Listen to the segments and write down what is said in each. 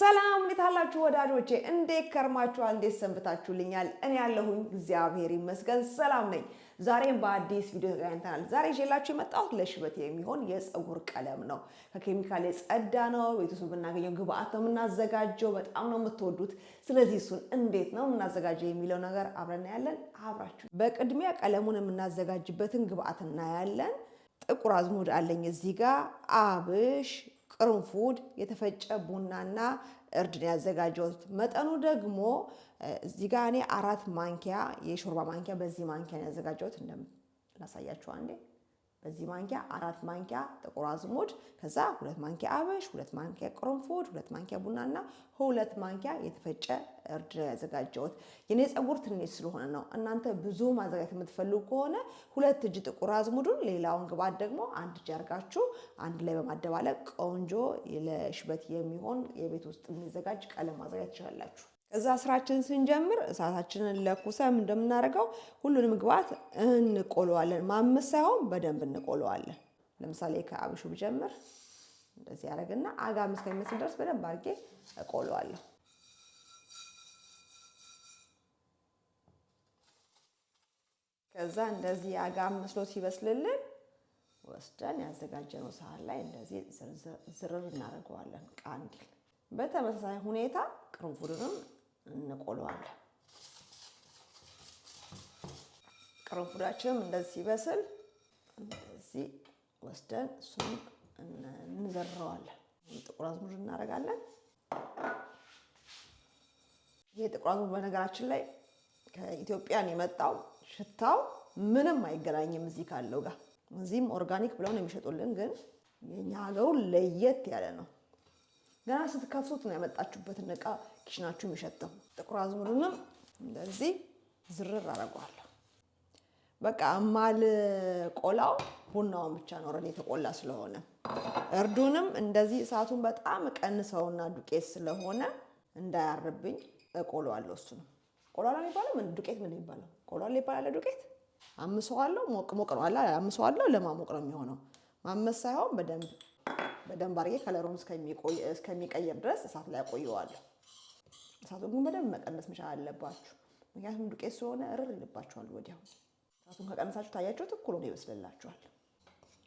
ሰላም እንዴት አላችሁ ወዳጆቼ? እንዴት ከርማችኋል? እንዴት ሰንብታችሁልኛል? እኔ ያለሁኝ እግዚአብሔር ይመስገን ሰላም ነኝ። ዛሬም በአዲስ ቪዲዮ ተገናኝተናል። ዛሬ ይዤላችሁ የመጣሁት ለሽበት የሚሆን የፀጉር ቀለም ነው። ከኬሚካል የጸዳ ነው። ቤት ውስጥ ብናገኘው ግብአት ነው የምናዘጋጀው። በጣም ነው የምትወዱት። ስለዚህ እሱን እንዴት ነው የምናዘጋጀው የሚለው ነገር አብረና ያለን አብራችሁ በቅድሚያ ቀለሙን የምናዘጋጅበትን ግብአት እናያለን። ጥቁር አዝሙድ አለኝ እዚህ ጋር አብሽ ቅርንፉድ፣ የተፈጨ ቡናና እርድን ያዘጋጀሁት። መጠኑ ደግሞ እዚህ ጋር እኔ አራት ማንኪያ የሾርባ ማንኪያ በዚህ ማንኪያ ያዘጋጀሁት እንደም ላሳያችሁ አንዴ በዚህ ማንኪያ አራት ማንኪያ ጥቁር አዝሙድ ከዛ ሁለት ማንኪያ አበሽ፣ ሁለት ማንኪያ ቅርንፉድ፣ ሁለት ማንኪያ ቡናና ሁለት ማንኪያ የተፈጨ እርድ ያዘጋጀሁት። የኔ ፀጉር ትንሽ ስለሆነ ነው። እናንተ ብዙ ማዘጋጀት የምትፈልጉ ከሆነ ሁለት እጅ ጥቁር አዝሙዱን፣ ሌላውን ግባት ደግሞ አንድ እጅ አድርጋችሁ አንድ ላይ በማደባለቅ ቆንጆ ለሽበት የሚሆን የቤት ውስጥ የሚዘጋጅ ቀለም ማዘጋጀት ትችላላችሁ። ከዛ ስራችን ስንጀምር እሳታችንን ለኩሰ እንደምናደርገው ሁሉንም ግብአት እንቆለዋለን። ማመስ ሳይሆን በደንብ እንቆለዋለን። ለምሳሌ ከአብሹ ብጀምር እንደዚህ ያደረግና አጋም እስከሚመስል ድረስ በደንብ አድርጌ እቆለዋለሁ። ከዛ እንደዚህ አጋም መስሎ ሲበስልልን ወስደን ያዘጋጀነው ሳህን ላይ እንደዚህ ዝርዝር እናደርገዋለን ቃ በተመሳሳይ ሁኔታ ቅርንፉድንም እንቆለዋለን። ቅርንፉዳችንም እንደዚህ ሲበስል እንደዚህ ወስደን እሱም እንዘረዋለን። ጥቁር አዝሙድ እናደርጋለን። ይህ ጥቁር አዝሙድ በነገራችን ላይ ከኢትዮጵያን የመጣው ሽታው ምንም አይገናኝም እዚህ ካለው ጋር። እዚህም ኦርጋኒክ ብለው ነው የሚሸጡልን፣ ግን የኛ ሀገሩ ለየት ያለ ነው። ገና ስትከፍቱት ነው ያመጣችሁበትን እቃ ኪሽናችሁ የሚሸተው። ጥቁር አዝሙድንም እንደዚህ ዝርር አደርገዋለሁ። በቃ ማል ቆላው ቡናውን ብቻ ነው ረድ የተቆላ ስለሆነ እርዱንም እንደዚህ እሳቱን በጣም ቀንሰውና ዱቄት ስለሆነ እንዳያርብኝ እቆለዋለሁ። እሱንም ቆሏላ የሚባለው ምን ዱቄት ምን የሚባለው ቆሏላ ይባላል። ዱቄት አምሰዋለሁ። ሞቅ ሞቅ ነው አላ አምሰዋለሁ። ለማሞቅ ነው የሚሆነው። ማመስ ሳይሆን በደንብ በደንብ አድርጌ ከለሩን እስከሚቀየር ድረስ እሳት ላይ አቆየዋለሁ። እሳቱን ግን በደንብ መቀነስ መቻል አለባችሁ። ምክንያቱም ዱቄት ስለሆነ እርር ይልባችኋል ወዲያው። እሳቱን ከቀነሳችሁ ታያችሁት እኩል ሆኖ ይበስልላችኋል።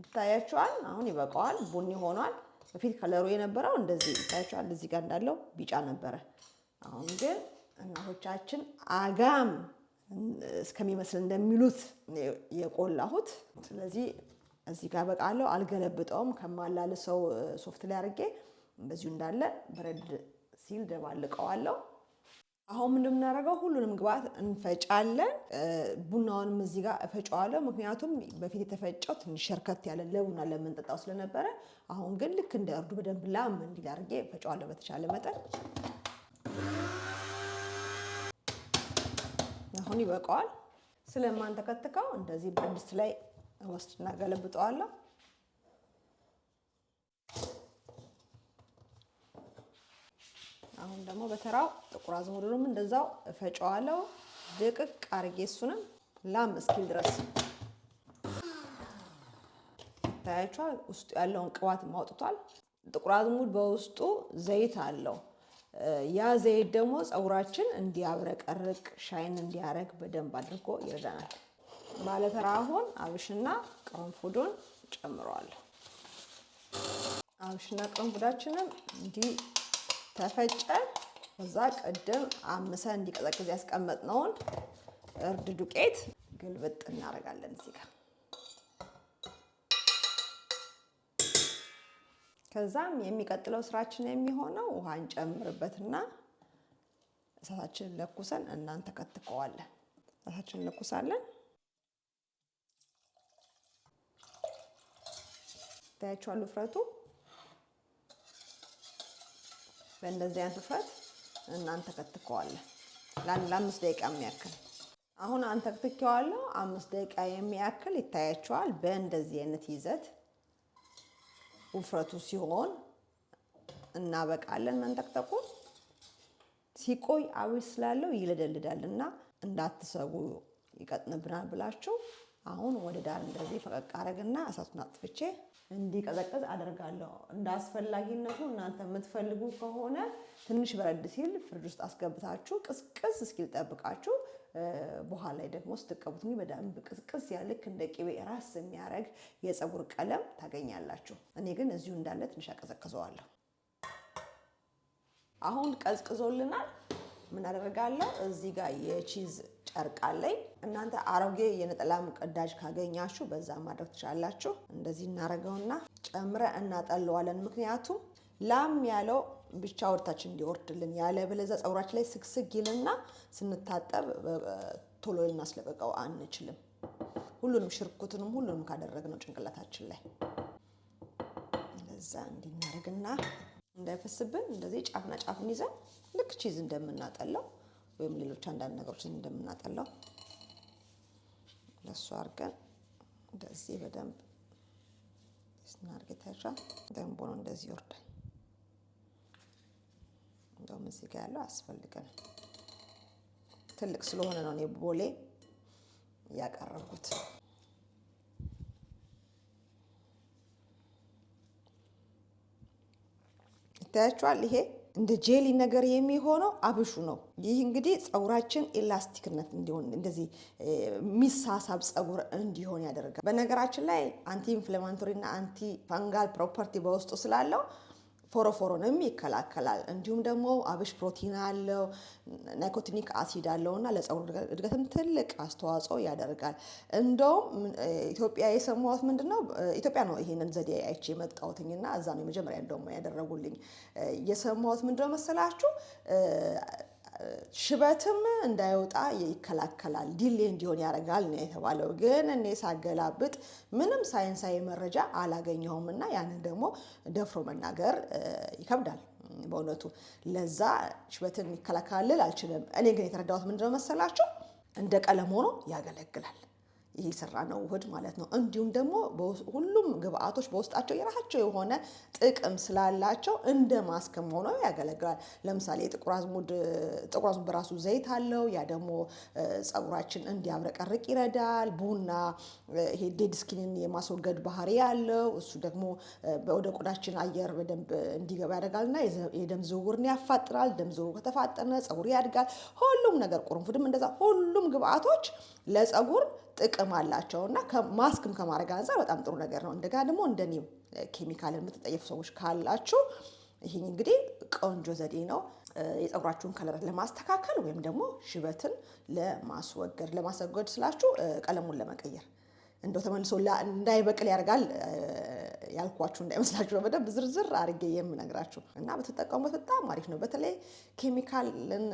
ይታያችኋል። አሁን ይበቃዋል፣ ቡኒ ሆኗል። በፊት ከለሩ የነበረው እንደዚህ ይታያችኋል፣ እዚህ ጋር እንዳለው ቢጫ ነበረ። አሁን ግን እናቶቻችን አጋም እስከሚመስል እንደሚሉት የቆላሁት። ስለዚህ እዚህ ጋር በቃለው፣ አልገለብጠውም። ከማላልሰው ሶፍት ላይ አድርጌ እንደዚሁ እንዳለ በረድ ሲል ደባልቀዋለሁ። አሁን ምንድን የምናደርገው ሁሉንም ግብአት እንፈጫለን። ቡናውንም እዚህ ጋር እፈጫዋለሁ። ምክንያቱም በፊት የተፈጨው ትንሽ ሸርከት ያለ ለቡና ለምንጠጣው ስለነበረ፣ አሁን ግን ልክ እንደ እርዱ በደንብ ላም እንዲል አድርጌ እፈጫዋለሁ በተቻለ መጠን። አሁን ይበቃዋል። ስለማንተከትከው እንደዚህ በድስት ላይ ወስድና ገለብጠዋለሁ። አሁን ደግሞ በተራው ጥቁር አዝሙዱንም እንደዛው እፈጨዋለሁ ድቅቅ አርጌ እሱንም ላም እስኪል ድረስ ይታያችኋል። ውስጡ ያለውን ቅባት ማውጥቷል። ጥቁር አዝሙድ በውስጡ ዘይት አለው። ያ ዘይት ደግሞ ፀጉራችን እንዲያብረቀርቅ ሻይን እንዲያረግ በደንብ አድርጎ ይረዳናል። ባለተራ አሁን አብሽና ቅርንፉዱን ጨምረዋለሁ። አብሽና ቅርንፉዳችንም እንዲህ ተፈጨ። እዛ ቅድም አምሰን እንዲቀዘቅዝ ያስቀመጥነውን እርድ ዱቄት ግልብጥ እናደርጋለን እዚህ ጋር። ከዛም የሚቀጥለው ስራችን የሚሆነው ውሃ እንጨምርበትና እሳታችንን ለኩሰን እናንተከትከዋለን። እሳታችንን ለኩሳለን። ታያችኋል ውፍረቱ በእንደዚህ አይነት ውፍረት እናንተ ከትከዋለን ለአምስት ደቂቃ የሚያክል አሁን አንተ ትከዋለሁ። አምስት ደቂቃ የሚያክል ይታያቸዋል። በእንደዚህ አይነት ይዘት ውፍረቱ ሲሆን እናበቃለን። መንጠቅጠቁ ሲቆይ አብሽ ስላለው ይለደልዳል እና እንዳትሰጉ ይቀጥንብናል ብላችሁ አሁን ወደ ዳር እንደዚህ ፈቀቅ አረግና እሳቱን አጥፍቼ እንዲቀዘቅዝ አደርጋለሁ። እንዳስፈላጊነቱ አስፈላጊነቱ እናንተ የምትፈልጉ ከሆነ ትንሽ በረድ ሲል ፍርድ ውስጥ አስገብታችሁ ቅዝቅዝ እስኪል ጠብቃችሁ በኋላ ላይ ደግሞ ስትቀቡት በደንብ ቅዝቅዝ ያለ ልክ እንደ ቅቤ ራስ የሚያደርግ የፀጉር ቀለም ታገኛላችሁ። እኔ ግን እዚሁ እንዳለ ትንሽ አቀዘቅዘዋለሁ። አሁን ቀዝቅዞልናል። ምን አደርጋለሁ እዚህ ጋር የቺዝ ጨርቅ አለኝ። እናንተ አሮጌ የነጠላም ቅዳጅ ካገኛችሁ በዛ ማድረግ ትችላላችሁ። እንደዚህ እናደርገውና ጨምረ እናጠለዋለን። ምክንያቱም ላም ያለው ብቻ ወርታችን እንዲወርድልን ያለ በለዛ ፀጉራችን ላይ ስግስግ ይልና ስንታጠብ ቶሎ ልናስለቀቀው አንችልም። ሁሉንም ሽርኩትንም ሁሉንም ካደረግነው ጭንቅላታችን ላይ እንደዛ እንዲናደርግና እንዳይፈስብን እንደዚህ ጫፍና ጫፍን ይዘን ልክ ቺዝ እንደምናጠለው ወይም ሌሎች አንዳንድ ነገሮች እንደምናጠለው ለሱ አድርገን እንደዚህ በደንብ ስናርጌታቻ ደንቦ ነው እንደዚህ ይወርዳል። እንደውም እዚህ ጋ ያለው አስፈልገናል። ትልቅ ስለሆነ ነው እኔ ቦሌ ያቀረብኩት። ይታያቸዋል። ይሄ እንደ ጄሊ ነገር የሚሆነው አብሹ ነው። ይህ እንግዲህ ፀጉራችን ኤላስቲክነት እንዲሆን እንደዚህ የሚሳሳብ ፀጉር እንዲሆን ያደርጋል። በነገራችን ላይ አንቲ ኢንፍላማቶሪ እና አንቲ ፋንጋል ፕሮፐርቲ በውስጡ ስላለው ፎሮፎሮንም ይከላከላል። እንዲሁም ደግሞ አብሽ ፕሮቲን አለው፣ ናይኮቲኒክ አሲድ አለው እና ለፀጉር እድገትም ትልቅ አስተዋጽኦ ያደርጋል። እንደውም ኢትዮጵያ የሰማሁት ምንድን ነው ኢትዮጵያ ነው ይሄንን ዘዴ አይቼ የመጣሁትኝ እና እዛ ነው የመጀመሪያ እንደውም ያደረጉልኝ የሰማሁት ምንድነው መሰላችሁ ሽበትም እንዳይወጣ ይከላከላል፣ ዲሌ እንዲሆን ያደርጋል ነው የተባለው። ግን እኔ ሳገላብጥ ምንም ሳይንሳዊ መረጃ አላገኘሁም እና ያንን ደግሞ ደፍሮ መናገር ይከብዳል በእውነቱ። ለዛ ሽበትን ይከላከላል አልችልም። እኔ ግን የተረዳሁት ምንድነው መሰላቸው እንደ ቀለም ሆኖ ያገለግላል። ይሄ የሰራ ነው ውህድ ማለት ነው። እንዲሁም ደግሞ ሁሉም ግብአቶች በውስጣቸው የራሳቸው የሆነ ጥቅም ስላላቸው እንደ ማስክም ሆኖ ያገለግላል። ለምሳሌ ጥቁር አዝሙድ ጥቁር አዝሙድ በራሱ ዘይት አለው። ያ ደግሞ ጸጉራችን እንዲያብረቀርቅ ይረዳል። ቡና ይሄ ዴድ ስኪንን የማስወገድ ባህሪ ያለው እሱ ደግሞ ወደ ቆዳችን አየር በደንብ እንዲገባ ያደርጋል እና የደም ዝውውርን ያፋጥናል። ደም ዝውውር ከተፋጠነ ጸጉር ያድጋል። ሁሉም ነገር ቁርንፉድም እንደዛ ሁሉም ግብአቶች ለጸጉር ጥቅም ጥቅም አላቸው እና ማስክም ከማድረግ አንፃር በጣም ጥሩ ነገር ነው። እንደጋ ደግሞ እንደኔ ኬሚካል የምትጠየፉ ሰዎች ካላችሁ ይህን እንግዲህ ቆንጆ ዘዴ ነው። የፀጉራችሁን ከለር ለማስተካከል ወይም ደግሞ ሽበትን ለማስወገድ ለማስወገድ ስላችሁ ቀለሙን ለመቀየር እንደው ተመልሶ እንዳይበቅል ያደርጋል ያልኳችሁ እንዳይመስላችሁ ነው። በደንብ ዝርዝር አድርጌ የምነግራችሁ እና ብትጠቀሙበት በጣም አሪፍ ነው። በተለይ ኬሚካልን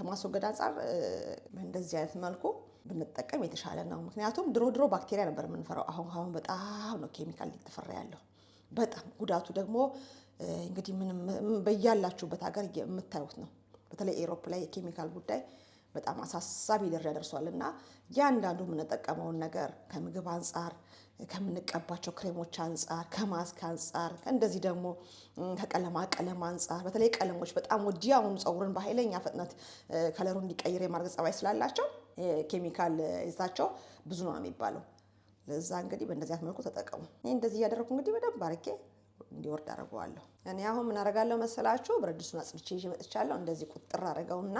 ከማስወገድ አንጻር እንደዚህ አይነት መልኩ ብንጠቀም የተሻለ ነው። ምክንያቱም ድሮ ድሮ ባክቴሪያ ነበር የምንፈራው። አሁን አሁን በጣም ነው ኬሚካል እየተፈራ ያለው። በጣም ጉዳቱ ደግሞ እንግዲህ ምንም በያላችሁበት ሀገር የምታዩት ነው። በተለይ ኤሮፕ ላይ የኬሚካል ጉዳይ በጣም አሳሳቢ ደረጃ ደርሷል እና እያንዳንዱ የምንጠቀመውን ነገር ከምግብ አንጻር፣ ከምንቀባቸው ክሬሞች አንጻር፣ ከማስክ አንጻር፣ እንደዚህ ደግሞ ከቀለማ ቀለም አንጻር በተለይ ቀለሞች በጣም ወዲያውኑ ፀጉርን በኃይለኛ ፍጥነት ከለሩ እንዲቀይር የማድረግ ጸባይ ስላላቸው ኬሚካል ይዛቸው ብዙ ነው የሚባለው። ለዛ እንግዲህ በእንደዚህ መልኩ ተጠቀሙ። እኔ እንደዚህ እያደረኩ እንግዲህ በደንብ አርጌ እንዲወርድ አድርገዋለሁ። እኔ አሁን ምን አደርጋለሁ መሰላችሁ? ብረት ድስቱን አጽድቼ ይዤ መጥቻለሁ። እንደዚህ ቁጥር አድርገውና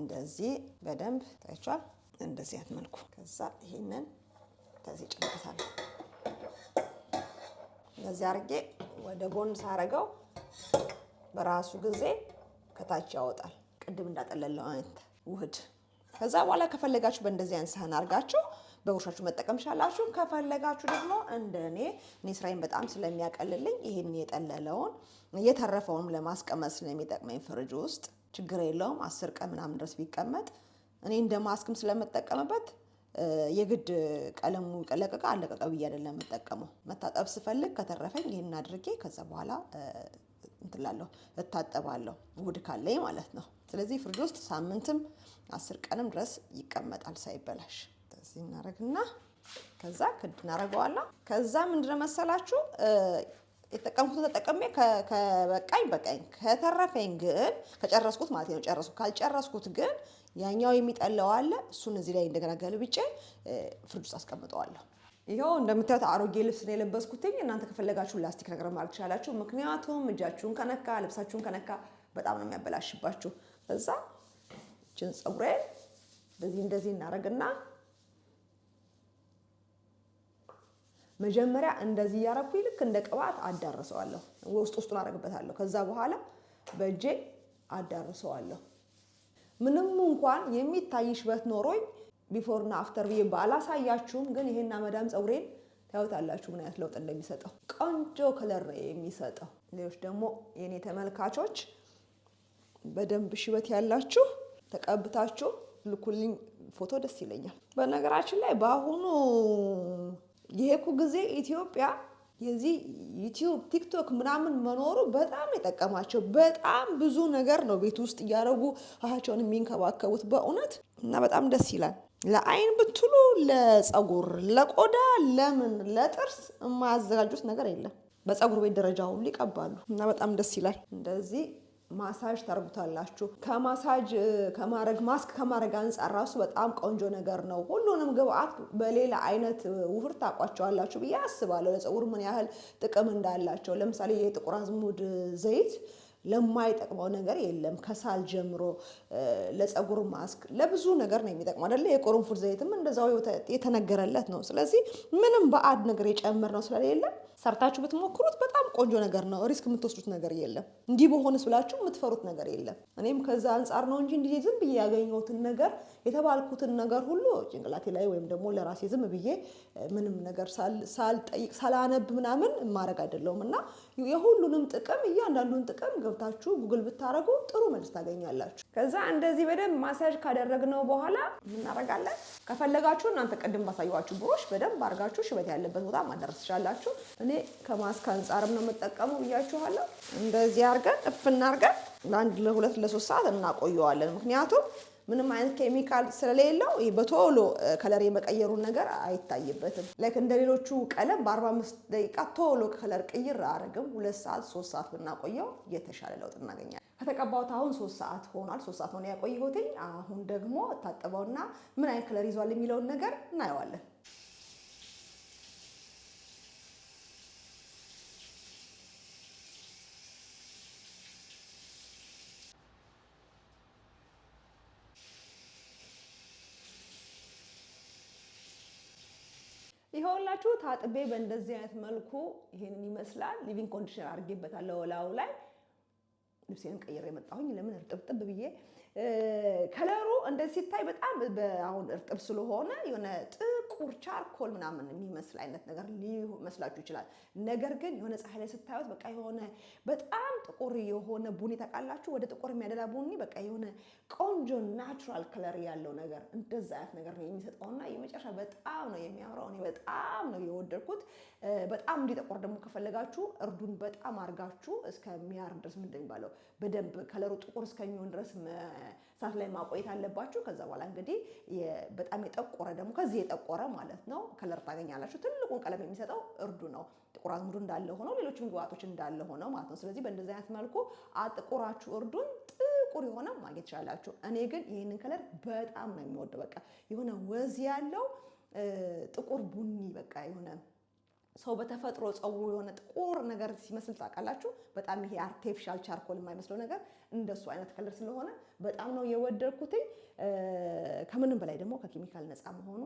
እንደዚህ በደንብ ታይቷል። እንደዚህ አይነት መልኩ ከዛ ይሄንን ከዚህ ጨምቅታለሁ። እንደዚህ አርጌ ወደ ጎን ሳረገው በራሱ ጊዜ ከታች ያወጣል። ቅድም እንዳጠለለው አይነት ውህድ ከዛ በኋላ ከፈለጋችሁ በእንደዚህ አይነት ሳህን አድርጋችሁ በጎሻችሁ መጠቀም ትችላላችሁ። ከፈለጋችሁ ደግሞ እንደ እኔ እኔ ስራዬን በጣም ስለሚያቀልልኝ ይሄን የጠለለውን የተረፈውንም ለማስቀመጥ ስለሚጠቅመኝ ፍሪጅ ውስጥ ችግር የለውም። አስር ቀን ምናምን ድረስ ቢቀመጥ እኔ እንደ ማስክም ስለምጠቀምበት የግድ ቀለሙ ቀለቀቀ አለቀቀ ብዬ አይደለም የምጠቀመው። መታጠብ ስፈልግ ከተረፈኝ ይህን አድርጌ ከዛ በኋላ እንትላለሁ እታጠባለሁ እሁድ ካለኝ ማለት ነው። ስለዚህ ፍርድ ውስጥ ሳምንትም አስር ቀንም ድረስ ይቀመጣል ሳይበላሽ። እንደዚህ እናደርግና ከዛ ክድ እናደርገዋለሁ። ከዛ ምንድነው መሰላችሁ የተጠቀምኩትን ተጠቅሜ ከበቃኝ በቃኝ፣ ከተረፈኝ ግን ከጨረስኩት ማለት ነው ጨረስኩ። ካልጨረስኩት ግን ያኛው የሚጠለው አለ፣ እሱን እዚህ ላይ እንደገና ገልብጬ ፍርድ ውስጥ አስቀምጠዋለሁ። ይኸው እንደምታዩት አሮጌ ልብስ ነው የለበስኩትኝ። እናንተ ከፈለጋችሁ ላስቲክ ነገር ማድረግ ትችላላችሁ። ምክንያቱም እጃችሁን ከነካ ልብሳችሁን ከነካ በጣም ነው የሚያበላሽባችሁ። እዛ እችን ፀጉሬን እንደዚህ እንደዚህ እናደርግና መጀመሪያ እንደዚህ እያረኩኝ ልክ እንደ ቅባት አዳርሰዋለሁ። ውስጥ ውስጡን አደርግበታለሁ። ከዛ በኋላ በእጄ አዳርሰዋለሁ። ምንም እንኳን የሚታይሽበት ኖሮኝ ቢፎርና አፍተር ብዬ ባላሳያችሁም ግን ይሄና መዳም ፀጉሬን ታዩታላችሁ ምን አይነት ለውጥ እንደሚሰጠው ቆንጆ ከለር ነው የሚሰጠው። ሌሎች ደግሞ የኔ ተመልካቾች በደንብ ሽበት ያላችሁ ተቀብታችሁ ልኩልኝ ፎቶ ደስ ይለኛል። በነገራችን ላይ በአሁኑ የሄኩ ጊዜ ኢትዮጵያ የዚህ ዩቲዩብ ቲክቶክ ምናምን መኖሩ በጣም የጠቀማቸው በጣም ብዙ ነገር ነው ቤት ውስጥ እያደረጉ ራሳቸውን የሚንከባከቡት በእውነት እና በጣም ደስ ይላል። ለአይን ብትሉ ለፀጉር፣ ለቆዳ፣ ለምን ለጥርስ የማያዘጋጁት ነገር የለም። በፀጉር ቤት ደረጃ ሁሉ ይቀባሉ እና በጣም ደስ ይላል። እንደዚህ ማሳጅ ታርጉታላችሁ። ከማሳጅ ከማድረግ ማስክ ከማድረግ አንጻር ራሱ በጣም ቆንጆ ነገር ነው። ሁሉንም ግብአት በሌላ አይነት ውፍር ታውቋቸዋላችሁ ብዬ አስባለሁ፣ ለፀጉር ምን ያህል ጥቅም እንዳላቸው። ለምሳሌ የጥቁር አዝሙድ ዘይት ለማይጠቅመው ነገር የለም። ከሳል ጀምሮ ለፀጉር ማስክ፣ ለብዙ ነገር ነው የሚጠቅመው አይደለ? የቅርንፉድ ዘይትም እንደዛው የተነገረለት ነው። ስለዚህ ምንም በአድ ነገር የጨመርነው ስለሌለ ሰርታችሁ ብትሞክሩት በጣም ቆንጆ ነገር ነው። ሪስክ የምትወስዱት ነገር የለም። እንዲህ በሆንስ ብላችሁ የምትፈሩት ነገር የለም። እኔም ከዛ አንጻር ነው እንጂ እንዲህ ዝም ብዬ ያገኘሁትን ነገር የተባልኩትን ነገር ሁሉ ጭንቅላቴ ላይ ወይም ደግሞ ለራሴ ዝም ብዬ ምንም ነገር ሳልጠይቅ ሳላነብ ምናምን ማድረግ አይደለውም እና የሁሉንም ጥቅም እያንዳንዱን ጥቅም ገብታችሁ ጉግል ብታደረጉ ጥሩ መልስ ታገኛላችሁ። ከዛ እንደዚህ በደንብ ማሳጅ ካደረግነው በኋላ ምናረጋለን? ከፈለጋችሁ እናንተ ቅድም ባሳየኋችሁ ብሮሽ በደንብ አድርጋችሁ ሽበት ያለበት ቦታ ማዳረስ ትችላላችሁ። እኔ ከማስክ አንጻርም ነው የምጠቀመው ብያችኋለሁ። እንደዚህ አርገን እፍና አድርገን ለአንድ ለሁለት ለሶስት ሰዓት እናቆየዋለን። ምክንያቱም ምንም አይነት ኬሚካል ስለሌለው በቶሎ ከለር የመቀየሩን ነገር አይታይበትም። ላይክ እንደ ሌሎቹ ቀለም በ45 ደቂቃ ቶሎ ከለር ቅይር አያደርግም። ሁለት ሰዓት ሶስት ሰዓት ብናቆየው የተሻለ ለውጥ እናገኛለን። ከተቀባሁት አሁን ሶስት ሰዓት ሆኗል። ሶስት ሰዓት ሆነ ያቆየሁትኝ። አሁን ደግሞ እታጥበውና ምን አይነት ከለር ይዟል የሚለውን ነገር እናየዋለን። ይኸውላችሁ ታጥቤ በእንደዚህ አይነት መልኩ ይሄንን ይመስላል። ሊቪንግ ኮንዲሽን አድርጌበታለሁ ወላው ላይ ልብሴንም ቀይሬ የመጣሁኝ ለምን እርጥብጥብ ብዬ ከለሩ እንደ ሲታይ በጣም አሁን እርጥብ ስለሆነ የሆነ ጥቁር ቻርኮል ምናምን የሚመስል አይነት ነገር ሊመስላችሁ ይችላል። ነገር ግን የሆነ ፀሐይ ላይ ስታዩት በቃ የሆነ በጣም ጥቁር የሆነ ቡኒ ታውቃላችሁ፣ ወደ ጥቁር የሚያደላ ቡኒ፣ በቃ የሆነ ቆንጆ ናቹራል ከለር ያለው ነገር እንደዛ አይነት ነገር ነው የሚሰጠውና የመጨረሻ በጣም ነው የሚያምረው። እኔ በጣም ነው የወደድኩት። በጣም እንዲጠቆር ደግሞ ከፈለጋችሁ እርዱን በጣም አርጋችሁ እስከሚያር ድረስ ምንድን የሚባለው በደንብ ከለሩ ጥቁር እስከሚሆን ድረስ እሳት ላይ ማቆየት አለባችሁ። ከዛ በኋላ እንግዲህ በጣም የጠቆረ ደግሞ ከዚህ የጠቆረ ማለት ነው ከለር ታገኛላችሁ። ትልቁን ቀለም የሚሰጠው እርዱ ነው። ጥቁር አዝሙዱ እንዳለ ሆኖ ሌሎችም ግብአቶች እንዳለ ሆነው ማለት ነው። ስለዚህ በእንደዚህ አይነት መልኩ አጥቁራችሁ እርዱን ጥቁር የሆነ ማግኘት ይችላላችሁ። እኔ ግን ይህንን ከለር በጣም ነው የሚወደው። በቃ የሆነ ወዝ ያለው ጥቁር ቡኒ በቃ የሆነ ሰው በተፈጥሮ ፀጉሩ የሆነ ጥቁር ነገር ሲመስል ታውቃላችሁ። በጣም ይሄ አርቴፊሻል ቻርኮል የማይመስለው ነገር እንደሱ አይነት ከለር ስለሆነ በጣም ነው የወደድኩትኝ። ከምንም በላይ ደግሞ ከኬሚካል ነፃ መሆኑ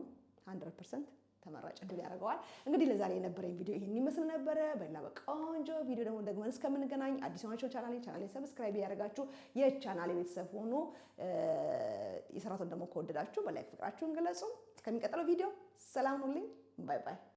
100 ፐርሰንት ተመራጭ እድል ያደርገዋል። እንግዲህ ለዛሬ የነበረኝ ቪዲዮ ይህን ይመስል ነበረ። በሌላ በቆንጆ ቪዲዮ ደግሞ ደግመን እስከምንገናኝ አዲስ ሆናቸው ቻናሌ ቻናሌ ሰብስክራይብ ያደርጋችሁ የቻናሌ ቤተሰብ ሆኑ። የሰራቱን ደግሞ ከወደዳችሁ በላይክ ፍቅራችሁን ገለጹ። እስከሚቀጥለው ቪዲዮ ሰላም ሁኑልኝ። ባይ ባይ።